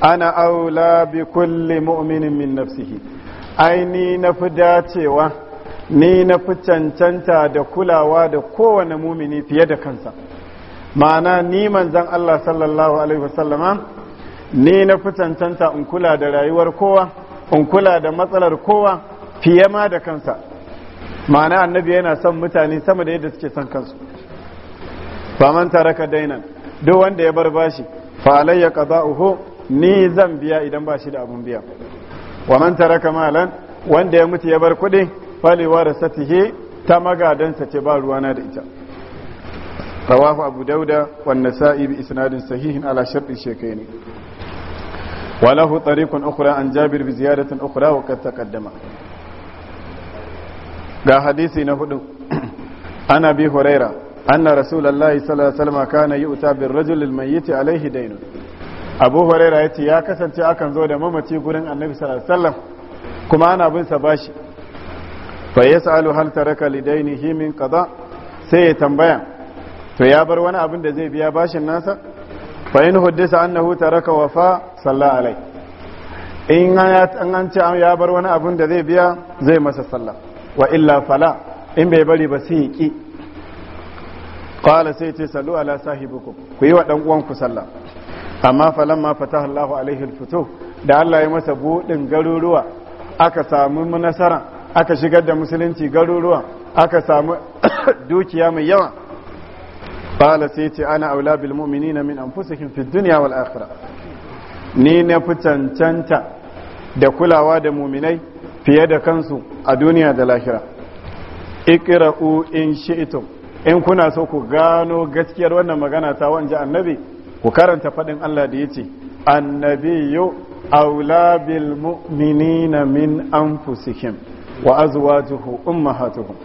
ana aula bi kulli mu'minin min nafsihi ai ni na fi dacewa ni na fi cancanta da kulawa da kowane mumini fiye da kansa ma'ana ni manzan Allah sallallahu alaihi wasallama ni na fi cancanta in kula da rayuwar kowa in kula da matsalar kowa fiye ma da kansa ma'ana annabi yana son mutane sama da yadda suke son kansu Ba faman taraka dainan duk wanda ya bar bashi fa alayya uhu ni zan biya idan ba shi da abun biya wa man taraka malan wanda ya mutu ya bar kuɗi fali warasatihi ta magadansa ce ba ruwana da ita rawahu abu dauda wanne nasa'i bi isnadin sahihin ala shartu shekaini وله طريق أخرى عن جابر بزيادة أخرى وقد تقدم ga hadisi na hudu ana bi huraira anna rasu sallallahu alaihi wasallam kana yu'ta bir rajul al mayyit alaihi daynun abu huraira ce ya kasance akan zo da mamaci gurin annabi sallallahu alaihi wasallam kuma ana bin sa bashi fa yasalu hal taraka li daynihi min qada sai ya tambaya to ya bar wani abin da zai biya bashin nasa fa in huddisa annahu taraka wafa salla alai in an ce ya bar wani abun da zai biya zai masa salla wa illa fala in bai bari ba sai ki qala sai ce sallu ala sahibikum ku yi wa dan uwan ku salla amma falamma fataha Allahu alaihi alfutuh da Allah ya masa budin garuruwa aka samu nasara aka shigar da musulunci garuruwa aka samu dukiya mai yawa qala sai ana aula bil mu'minina min anfusihim fid dunya wal akhirah ni na fi cancanta da kulawa da muminai fiye da kansu a duniya da lahira iqra'u in shi'tum in kuna so ku gano gaskiyar wannan magana ta wanda annabi ku karanta fadin Allah da yace annabiyyu aula bil mu'minina min anfusihim wa azwajuhu ummahatuhum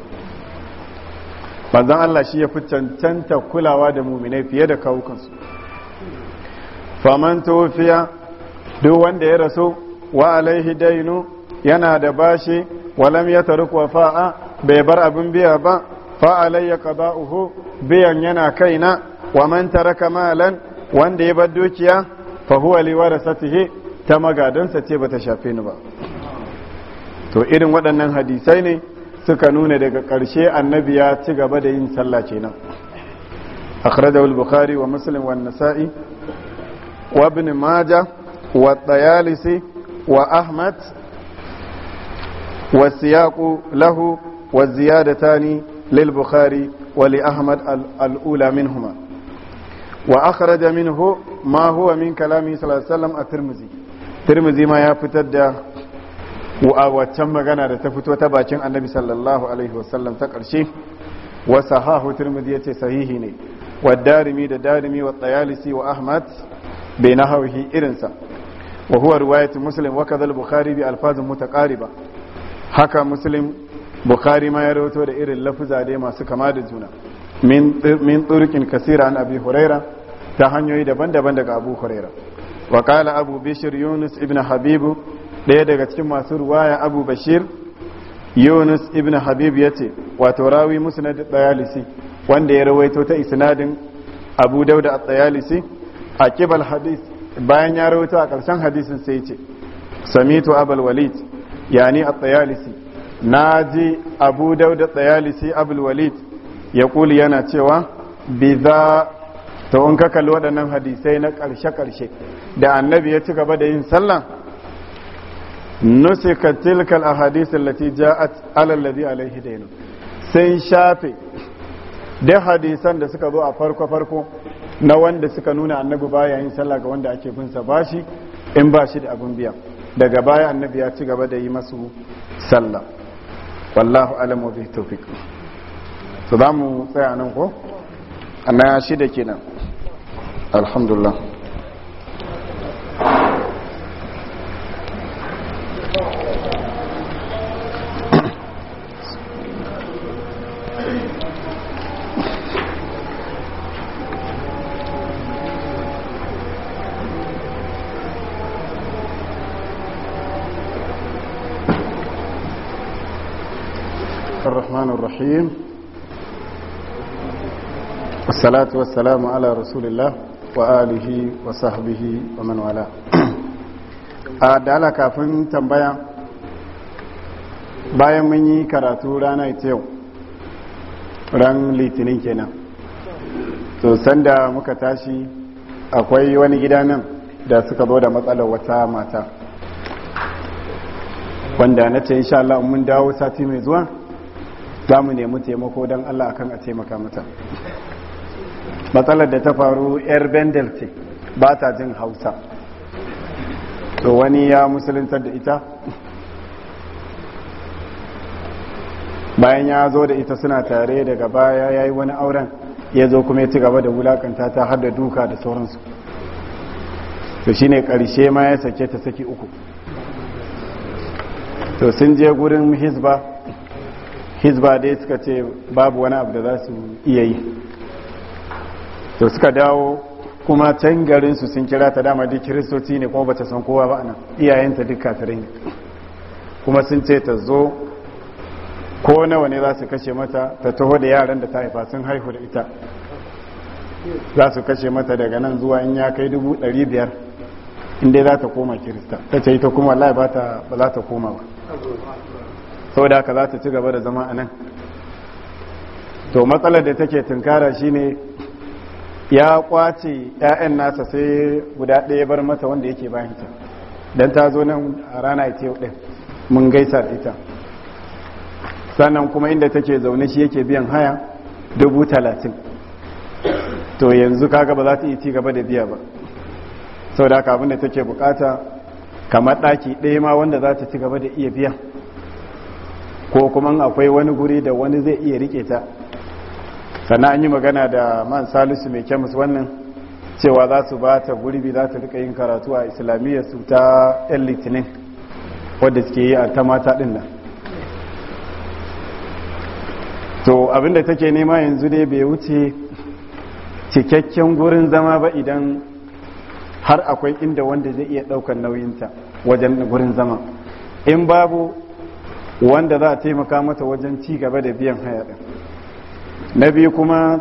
banzan Allah shi ya fi cancanta kulawa da muminai fiye da kawukansu faman tofiya duk wanda ya rasu wa alaihi dainu yana da bashi walam ya taruk wa fa'a bai bar abin biya ba Fa'alai ya kaba uhu biyan yana kaina wa man taraka malan wanda ya bar dukiya fa huwa satihi ta magadansa ce bata shafe ni ba to irin waɗannan hadisai ne suka nuna daga ƙarshe annabi ya ci gaba da yin sallah kenan akhrajahu al-bukhari wa muslim wa an-nasa'i wa ibn majah wa tayalisi wa ahmad wa siyaqu lahu wa ziyadatani lil-bukhari wa li ahmad al-ula minhuma wa akhraja minhu ma huwa min kalami sallallahu alaihi wasallam at-tirmidhi tirmidhi ma ya fitar da wa waccan magana da ta fito ta bakin annabi sallallahu alaihi wasallam ta ƙarshe wa sahahu turmudi ya ce sahihi ne wa darimi da darimi wa tsayalisi wa ahmad bai na hauhi irinsa wa huwa riwayat muslim wa kazal bukhari bi alfazin mutaqariba haka muslim bukhari ma ya rawato da irin lafuza dai masu kama da juna min min turkin kasira an abi huraira ta hanyoyi daban-daban daga abu huraira wa qala abu Bishir yunus ibn habibu ɗaya daga cikin masu ruwaya abu bashir yunus ibn habib ya ce wato rawi musnad tsayalisi wanda ya rawaito ta isnadin abu dauda a tsayalisi a kibal hadis bayan ya rawaito a ƙarshen hadisin sai ce samitu abal walid ya ni a tsayalisi na ji abu dauda tsayalisi abul walid ya kuli yana cewa bi za in ka kalli waɗannan hadisai na ƙarshe-ƙarshe da annabi ya ci gaba da yin sallah nusika tilka al-ahadith allati alaihi ala alladhi sai shafe da hadisan da suka zo a farko farko na wanda suka nuna annabi baya yin sallah ga wanda ake bin bashi in bashi da abin biya daga baya annabi ya ci gaba da yi masu sallah wallahu alamu bi tawfiq to za mu tsaya nan ko annaya shida kenan alhamdulillah الرحيم والصلاة والسلام على رسول الله وآله وصحبه ومن والاه adala kafin tambaya bayan mun yi karatu rana ita yau ran litinin kenan to sanda muka tashi akwai wani gida nan da suka zo da matsalar wata mata wanda na ce insha Allah mun dawo sati mai zuwa za mu nemi taimako don allah akan a taimaka mata matsalar da ta faru yar bendel ce ba ta jin hausa to wani ya musuluntar da ita bayan ya zo da ita suna tare daga baya ya yi wani auren ya zo kuma ya ci gaba da wulakanta ta har da duka da sauransu to shine karshe ma ya sake ta saki uku to sun je gurin hisba. hizba dai suka ce babu wani abu da za su iya yi to suka dawo kuma can garinsu sun kira ta dama duk kiristoci ne kuma bata san kowa ba anan iyayenta duk kafirai kuma sun ce ta zo ko nawa ne za su kashe mata ta taho da yaran da ta haifa sun haihu da ita za su kashe mata daga nan zuwa in ya kai dubu dari biyar inda za ta koma kirista ta ce ita kuma wallahi ba za ta koma ba saboda haka za ta ci gaba da zama a nan to matsalar da take tunkara shine ya kwace 'ya'yan nasa sai guda ɗaya bar mata wanda yake bayanta don ta zo nan a rana ita yau ɗin mun gaisa da ita sannan kuma inda take zaune shi yake biyan haya dubu talatin to yanzu kaga ba za ta ci gaba da biya ba sau da haka abinda take bukata kamar ɗaki ɗaya ma wanda za ta ci gaba da iya biya ko kuma akwai wani guri da wani zai iya rike ta sannan an yi magana da man salisu mai kemis wannan cewa za su ba ta gurbi za ta rika yin karatu a islamiyya su ta yan litinin wadda suke yi a ta mata din nan to abinda take nema yanzu ne bai wuce cikakken gurin zama ba idan har akwai inda wanda zai iya ɗaukar nauyinta wajen gurin zama in babu wanda za a taimaka mata wajen ci gaba da biyan haya ɗin na biyu kuma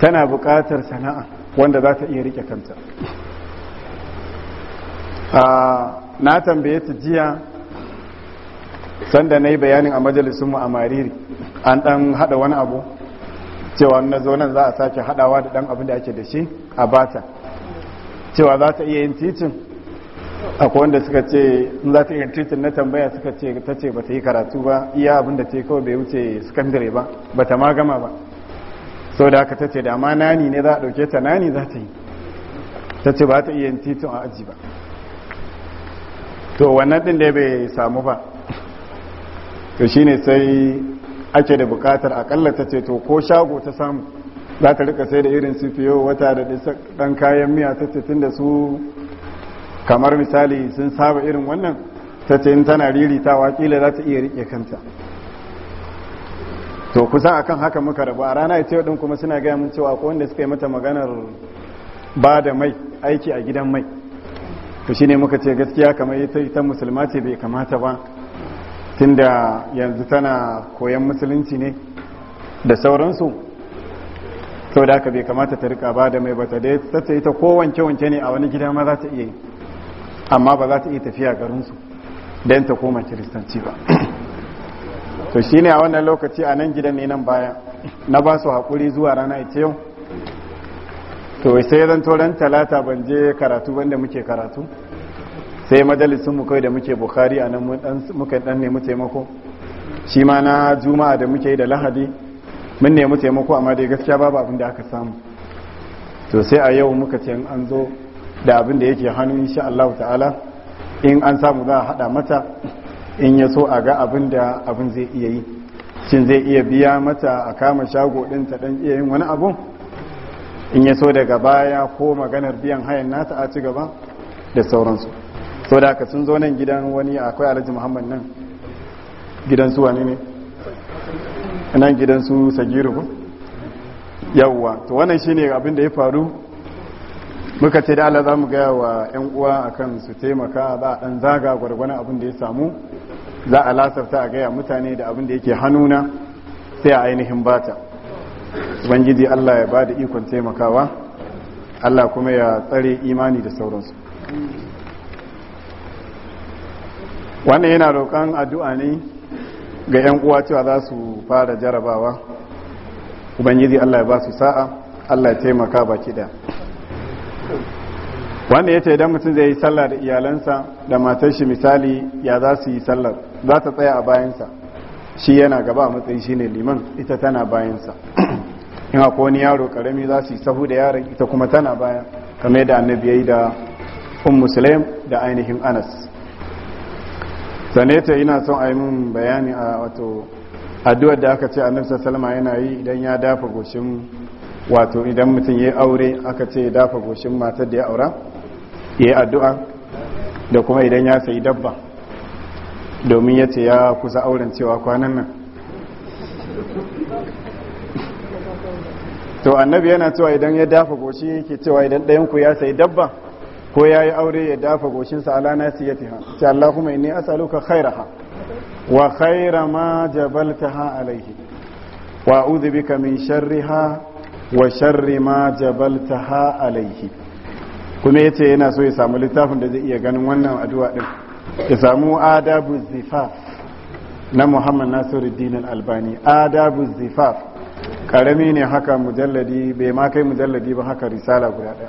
tana buƙatar sana'a wanda za ta iya rike kanta na tambaye ta jiya sanda na yi bayanin a majalisunmu a mariri an ɗan haɗa wani abu cewa na zo nan za a sake haɗawa da ɗan abin da ake da shi a bata cewa za ta iya yin titin akwai wanda suka ce in za ta yi titin na tambaya suka ce ta ce ba ta yi karatu ba iya abin da ce kawai bai wuce sakandare ba ba ta ma ba sau da aka ta ce da ma nani ne za a ɗauke ta nani za ta yi ta ce ba ta iya titin a aji ba to wannan ɗin da bai samu ba to shi ne sai ake da bukatar akalla ta ce to ko shago ta samu za ta rika sai da irin su fiyo wata da ɗan kayan miya ta ce tun da su kamar misali sun saba irin wannan ta ce in tana riritawa kila za ta iya rike kanta to kusa akan haka muka rabu a rana ce din kuma suna gaya mun cewa ko wanda suka yi mata maganar ba da mai aiki a gidan mai to shine muka ce gaskiya kamar ita ita musulma ce bai kamata ba tunda yanzu tana koyan musulunci ne da sauransu sau da aka bai kamata ta rika ba da mai ba ta dai ta ce ita ko wanke-wanke ne a wani gida ma za ta iya yi amma ba za ta iya tafiya garinsu don ta koma kiristanci ba to shi ne a wannan lokaci a nan gidan ne nan baya na ba su haƙuri zuwa rana ita yau to sai zan ran talata ban je karatu banda muke karatu sai majalisun mu kai da muke bukari a nan muka dan nemi taimako shi ma na juma'a da muke da lahadi mun nemi taimako amma dai gaskiya babu abin da aka samu to sai a yau muka ce an zo da abin da yake hannu insha Allah ta'ala in an samu za a hada mata in ya so a ga abin da abin zai iya yi shin zai iya biya mata a kama shago din ta dan iya yin wani abu in ya so daga baya ko maganar biyan hayan nata a ci gaba da sauransu so da aka sun zo nan gidan wani akwai alhaji muhammad nan gidan su wani ne nan gidan su sagiru yawwa to wannan shine abin da ya faru muka ce da ala za mu gaya wa 'yan uwa a kan su taimaka za a ɗan zaga gwargwana abin da ya samu za a lasarta a gaya mutane da abin da yake hannuna sai a ainihin bata ubangiji Allah ya ba da ikon taimakawa Allah kuma ya tsare imani da sauransu wannan yana roƙon addu'a ne ga 'yan uwa cewa za su fara jarabawa ubangiji Allah ya ba su sa'a Allah ya taimaka baki ɗaya wanda ya ce idan mutum zai yi sallah da iyalansa da matar shi misali ya za su yi sallar za ta tsaya a bayansa shi yana gaba a matsayi shi ne liman ita tana bayansa in ko wani yaro karami za su yi sahu da yaron ita kuma tana baya kamar da annabi ya da um musulman da ainihin anas sanata yana son a yi min bayani a wato addu'ar da aka ce annabi salama yana yi idan ya dafa goshin wato idan mutum ya aure aka ce ya dafa goshin matar da ya aura yi addu'a da kuma idan ya sayi dabba domin ya ce ya kusa auren cewa kwanan nan to annabi yana cewa idan ya dafa goshi yake cewa idan ɗayanku ya sayi dabba ko ya yi aure ya dafa goshinsa ala na nasiyatiha ce Allahumma inni khaira ha. wa khaira ma ha alaihi wa a'udhu bika min ha wa sharri ma ha alaihi kuma ya ce yana so ya samu littafin da zai iya ganin wannan addu'a din ya samu adabu zifaf na muhammad nasiruddin al-albani adabu zifaf ƙarami ne haka mujalladi bai ma kai mujalladi ba haka risala guda ɗaya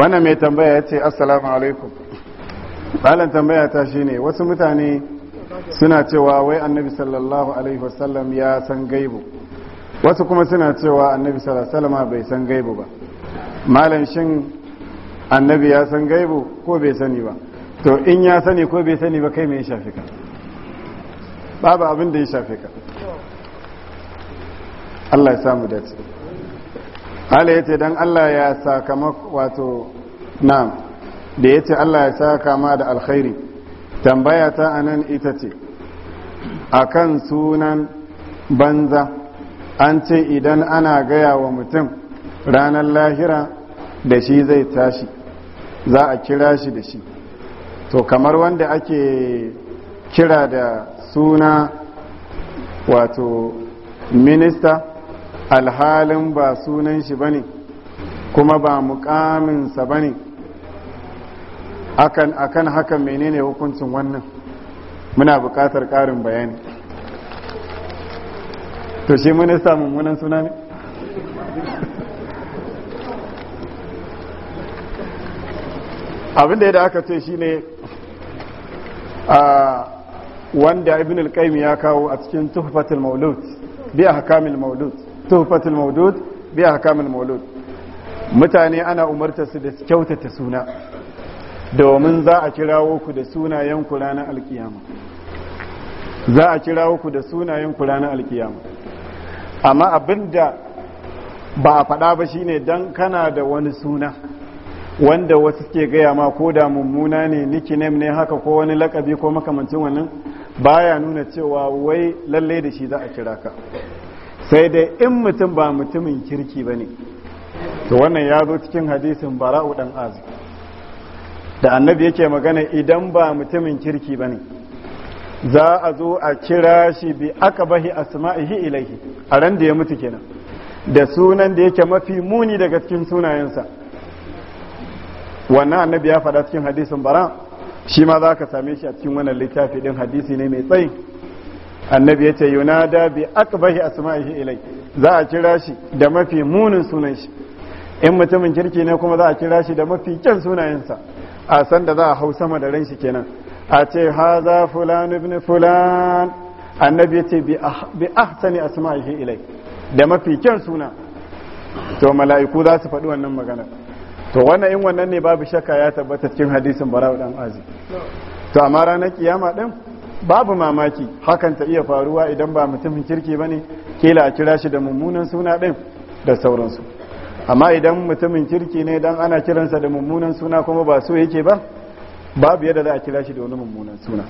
wannan mai tambaya ya ce assalamu alaikum ɓalan tambaya ta shine wasu mutane suna cewa wai annabi sallallahu alaihi wasallam ya san gaibu wasu kuma suna cewa annabi sallallahu alaihi bai san gaibu ba malam shin annabi ya san gaibu ko bai sani ba to in ya sani ko bai sani ba kai mai shafi ka babu abin da ya shafi ka Allah ya samu dace Allah ya ce don Allah ya sakamak wato na da ya ce Allah ya saka ma da alkhairi tambaya ta anan ita ce a kan sunan banza an ce idan ana gaya wa mutum ranar lahira da shi zai tashi za a kira shi da shi to kamar wanda ake kira da suna wato minista alhalin ba sunan shi bane kuma ba mukaminsa bane akan akan hakan menene hukuncin wannan muna buƙatar ƙarin bayani to shi minista mummunan suna ne abinda da aka ce shi ne wanda ibn al qayyim ya kawo a cikin tuhfatul maulud bi ahkamil maulud tuhfatul maulud bi ahkamil maulud mutane ana umartar su da kyautata suna domin za a kirawo ku da sunayen ranar alkiyama za a kirawo ku da sunayen ranar alkiyama amma abinda ba a faɗa ba shi shine dan kana da wani suna wanda wasu ke gaya ma ko da mummuna ne nickname ne haka ko wani lakabi ko makamancin wannan baya nuna cewa wai lallai da shi za a kira ka sai dai in mutum ba mutumin kirki ba ne to wannan ya zo cikin hadisin bara'u ɗan Aziki. da annabi yake magana idan ba mutumin kirki ba ne za a zo a kira shi bi aka bahi asma'ihi ilaihi a ran da ya mutu kenan da sunan da yake mafi muni daga cikin sunayensa wannan annabi ya faɗa cikin hadisin bara shi ma za ka same shi a cikin wannan littafi ɗin hadisi ne mai tsayi annabi ya ce yunada bi akbahi asma'ihi ilai za a kira shi da mafi munin sunan shi in mutumin kirki ne kuma za a kira shi da mafi kyan sunayensa a san da za a hau sama da ran shi kenan a ce haza fulan ibn fulan annabi ce ah, bi ahsani asma'ihi ilai da mafi kyan suna to mala'iku za su faɗi wannan magana to wannan in wannan ne babu shakka ya tabbata cikin hadisin bara'u dan azi to amma ranar kiyama din babu mamaki hakan ta iya faruwa idan ba mutumin kirki bane kila a kira shi da mummunan suna din da sauransu amma idan mutumin kirki ne dan ana kiransa da mummunan suna kuma ba so yake ba babu yadda za a kira shi da wani mummunan suna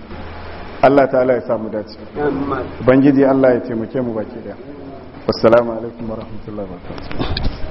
Allah ta'ala ya samu dace ubangiji Allah ya taimake mu baki daya wassalamu alaikum warahmatullahi wabarakatuh